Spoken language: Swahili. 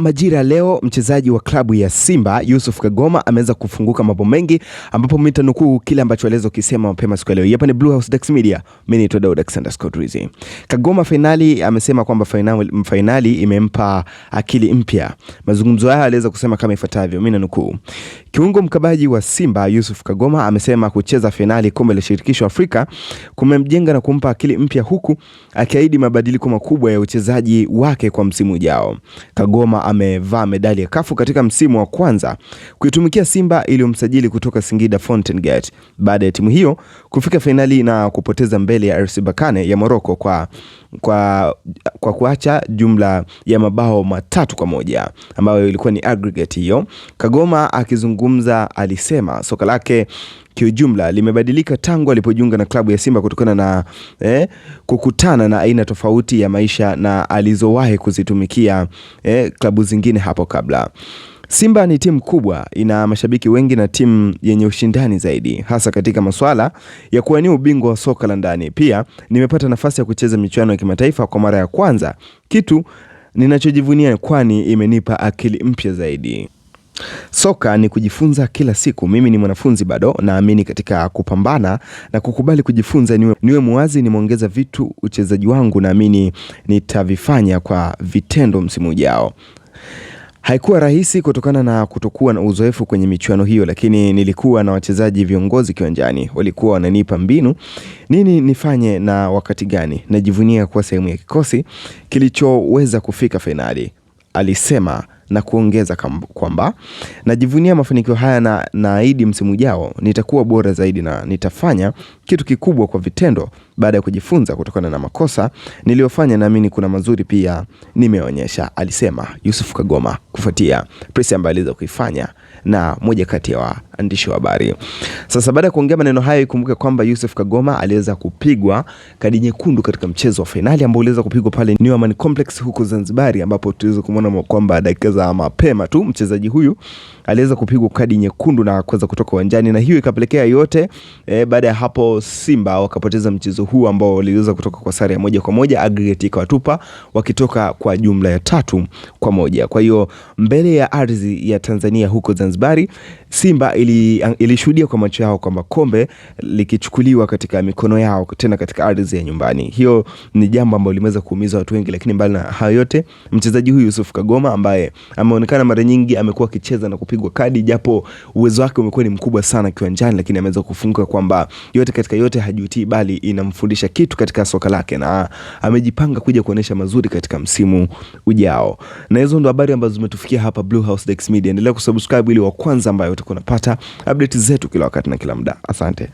Majira ya leo mchezaji wa klabu ya Simba Yusuf Kagoma ameweza kufunguka mambo mengi, ambapo mimi nitanukuu kile ambacho alizo kusema mapema siku ya leo. Hapa ni Blue House Dax Media, mimi ni Todd Alexander Scott Rizzi. Kagoma finali amesema kwamba finali fainali imempa akili mpya. Mazungumzo haya aliweza kusema kama ifuatavyo, mimi nanukuu. Kiungo mkabaji wa Simba Yusuf Kagoma amesema kucheza finali kombe la shirikisho Afrika kumemjenga na kumpa akili mpya, huku akiahidi mabadiliko makubwa ya uchezaji wake kwa msimu ujao. Kagoma Ngoma amevaa medali ya kafu katika msimu wa kwanza kuitumikia Simba iliyomsajili kutoka Singida Fountain Gate baada ya timu hiyo kufika fainali na kupoteza mbele ya RS Berkane ya Morocco kwa, kwa, kwa kuacha jumla ya mabao matatu kwa moja ambayo ilikuwa ni aggregate hiyo. Kagoma akizungumza alisema soka lake kiujumla limebadilika tangu alipojiunga na klabu ya Simba kutokana na eh, kukutana na aina tofauti ya maisha na alizowahi kuzitumikia eh, klabu zingine hapo kabla. Simba ni timu kubwa, ina mashabiki wengi na timu yenye ushindani zaidi, hasa katika masuala ya kuwania ubingwa wa soka la ndani. Pia nimepata nafasi ya kucheza michuano ya kimataifa kwa mara ya kwanza, kitu ninachojivunia, kwani imenipa akili mpya zaidi. Soka ni kujifunza kila siku. Mimi ni mwanafunzi bado, naamini katika kupambana na kukubali kujifunza. Niwe, niwe mwazi, nimeongeza vitu uchezaji wangu, naamini nitavifanya kwa vitendo msimu ujao. Haikuwa rahisi kutokana na kutokuwa na uzoefu kwenye michuano hiyo, lakini nilikuwa na wachezaji viongozi kiwanjani, walikuwa wananipa mbinu nini nifanye na wakati gani. Najivunia kuwa sehemu ya kikosi kilichoweza kufika fainali, alisema na kuongeza kwamba najivunia mafanikio haya na naahidi msimu ujao nitakuwa bora zaidi na nitafanya kitu kikubwa kwa vitendo baada ya kujifunza kutokana na makosa niliyofanya. Naamini kuna mazuri pia nimeonyesha, alisema Yusuf Kagoma kufuatia presi ambayo aliweza kuifanya na moja kati ya waandishi wa habari. Sasa baada ya kuongea maneno hayo, ikumbuke kwamba Yusuf Kagoma aliweza kupigwa kadi nyekundu katika mchezo wa fainali ambao uliweza kupigwa pale Newman Complex huko Zanzibar, ambapo tuweza kumwona kwamba dakika za mapema tu mchezaji huyu aliweza kupigwa kadi nyekundu na kuweza kutoka uwanjani, na hiyo ikapelekea yote e. Baada ya hapo, Simba wakapoteza mchezo huu ambao waliweza kutoka kwa sare ya moja kwa moja, aggregate ikawatupa wakitoka kwa jumla ya tatu kwa moja. Kwa hiyo mbele ya ardhi ya Tanzania huko Zanzibari, Zanzibari, Simba ilishuhudia ili kwa macho yao kwamba kombe likichukuliwa katika mikono yao tena katika ardhi ya nyumbani. Hiyo ni jambo ambalo limeweza kuumiza watu wengi, lakini mbali na hayo yote, mchezaji huyu Yusuf Kagoma ambaye ameonekana mara nyingi amekuwa akicheza na kupigwa kadi, japo uwezo wake umekuwa ni mkubwa sana kiwanjani, lakini ameweza kufunguka kwamba yote katika yote hajutii, bali inamfundisha kitu katika soka lake na amejipanga kuja kuonesha mazuri katika msimu ujao. Na hizo ndo habari ambazo zimetufikia hapa Blue House Dax Media. Endelea kusubscribe wawili wa kwanza ambayo utakuwa unapata update zetu kila wakati na kila muda. Asante.